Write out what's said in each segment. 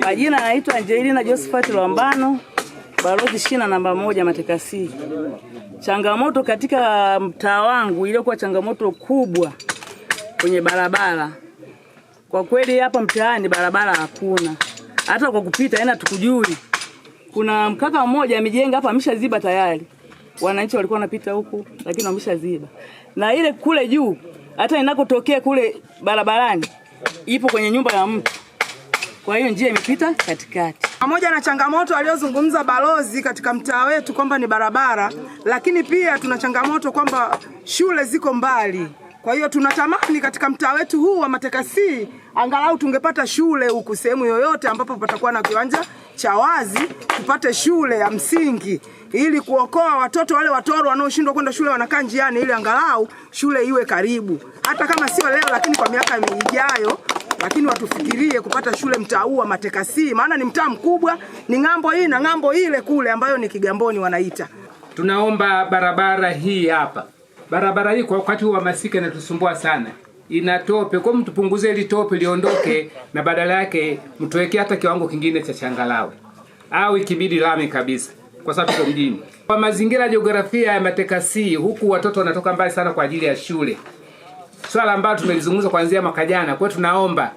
Majina anaitwa Angelina Josephat Lwambano, balozi shina namba moja Matekasi. Changamoto katika mtaa wangu iliyokuwa changamoto kubwa kwenye barabara, kwa kweli hapa mtaani barabara hakuna, hata kwa kupita ena tukujui. Kuna mkaka mmoja amejenga hapa, ameshaziba tayari, wananchi walikuwa wanapita huku, lakini wameshaziba na ile kule juu, hata inakotokea kule barabarani ipo kwenye nyumba ya mtu kwa hiyo njia imepita katikati. Pamoja na changamoto aliyozungumza balozi katika mtaa wetu kwamba ni barabara, lakini pia tuna changamoto kwamba shule ziko mbali. Kwa hiyo tunatamani katika mtaa wetu huu wa Matekasi angalau tungepata shule huku sehemu yoyote ambapo patakuwa na kiwanja cha wazi tupate shule ya msingi ili kuokoa watoto wale watoro wanaoshindwa kwenda shule wanakaa njiani, ili angalau shule iwe karibu, hata kama sio leo, lakini kwa miaka ijayo lakini watufikirie kupata shule mtaa huu wa Matekasi, maana ni mtaa mkubwa, ni ng'ambo hii na ng'ambo ile kule ambayo ni Kigamboni wanaita. Tunaomba barabara hii hapa, barabara hii kwa wakati wa masika inatusumbua sana, ina tope. Kwa mtupunguze ili tope liondoke, na badala yake mtuwekee hata kiwango kingine cha changalawe au ikibidi lami kabisa, kwa sababu mjini kwa mazingira ya jiografia ya Matekasi huku watoto wanatoka mbali sana kwa ajili ya shule swala ambalo tumelizungumza kuanzia mwaka jana. Kwa tunaomba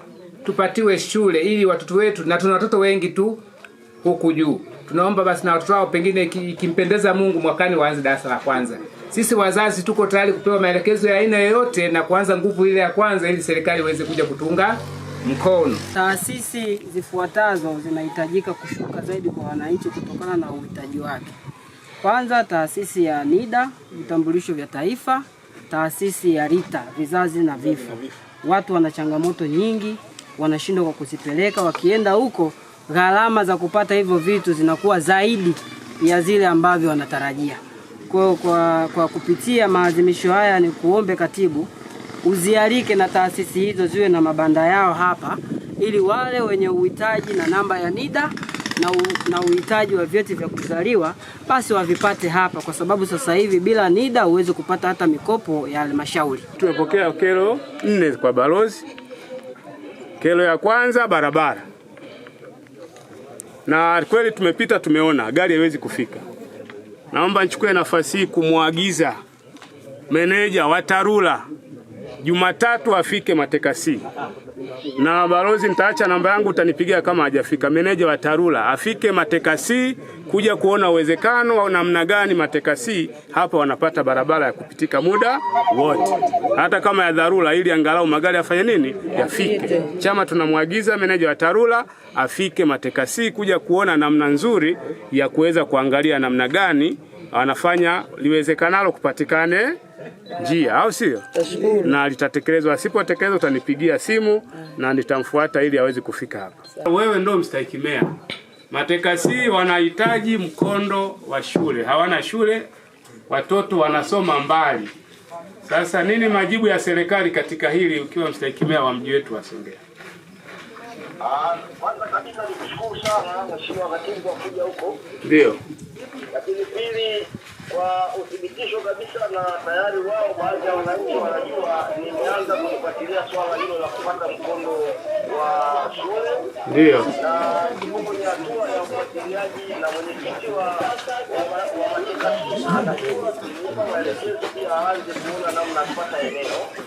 tupatiwe shule ili watoto wetu, na tuna watoto wengi tu huku juu, tunaomba basi na watoto wao pengine ikimpendeza Mungu mwakani waanze darasa la kwanza. Sisi wazazi tuko tayari kupewa maelekezo ya aina yoyote na kuanza nguvu ile ya kwanza, ili serikali iweze kuja kutunga mkono. Taasisi zifuatazo zinahitajika kushuka zaidi kwa wananchi kutokana na uhitaji wake. Kwanza, taasisi ya NIDA, vitambulisho vya taifa taasisi ya Rita vizazi na vifo. Watu wana changamoto nyingi, wanashindwa kwa kuzipeleka. Wakienda huko, gharama za kupata hivyo vitu zinakuwa zaidi ya zile ambavyo wanatarajia. Kwa, kwa, kwa kupitia maadhimisho haya ni kuombe katibu uzialike na taasisi hizo ziwe na mabanda yao hapa, ili wale wenye uhitaji na namba ya NIDA na uhitaji wa vyeti vya kuzaliwa basi wavipate hapa, kwa sababu sasa hivi bila NIDA huwezi kupata hata mikopo ya halmashauri. Tumepokea kero nne kwa balozi. Kero ya kwanza barabara, na kweli tumepita, tumeona gari haiwezi kufika. Naomba nichukue nafasi hii kumwagiza meneja wa TARURA Jumatatu afike Matekasi na balozi, nitaacha namba yangu, utanipigia kama hajafika. Meneja wa Tarura afike Matekasi kuja kuona uwezekano au namna gani Matekasi hapa wanapata barabara ya kupitika muda wote, hata kama ya dharura, ili angalau magari afanye nini, yafike. Chama tunamwagiza meneja wa Tarura afike Matekasi kuja kuona namna nzuri ya kuweza kuangalia namna gani anafanya liwezekanalo kupatikane njia, au sio? Na litatekelezwa. Asipotekelezwa utanipigia simu na nitamfuata ili aweze kufika hapa. Wewe ndio mstahiki meya. Matekasi wanahitaji mkondo wa shule, hawana shule, watoto wanasoma mbali. Sasa nini majibu ya serikali katika hili, ukiwa mstahiki meya wa mji wetu wa Songea? Ah, kwanza kabisa sana mheshimiwa katibu kwa kuja huko, ndio. Lakini pili kwa kuthibitishwa kabisa na tayari wao, baadhi ya wananchi wanajua, nimeanza kufuatilia swala hilo la kupata mkondo wa shule ndio, na kiuko ni hatua ya ufuatiliaji, na mwenyekiti wa wanataka anajua maelekezo pia aanze kuona namna kupata eneo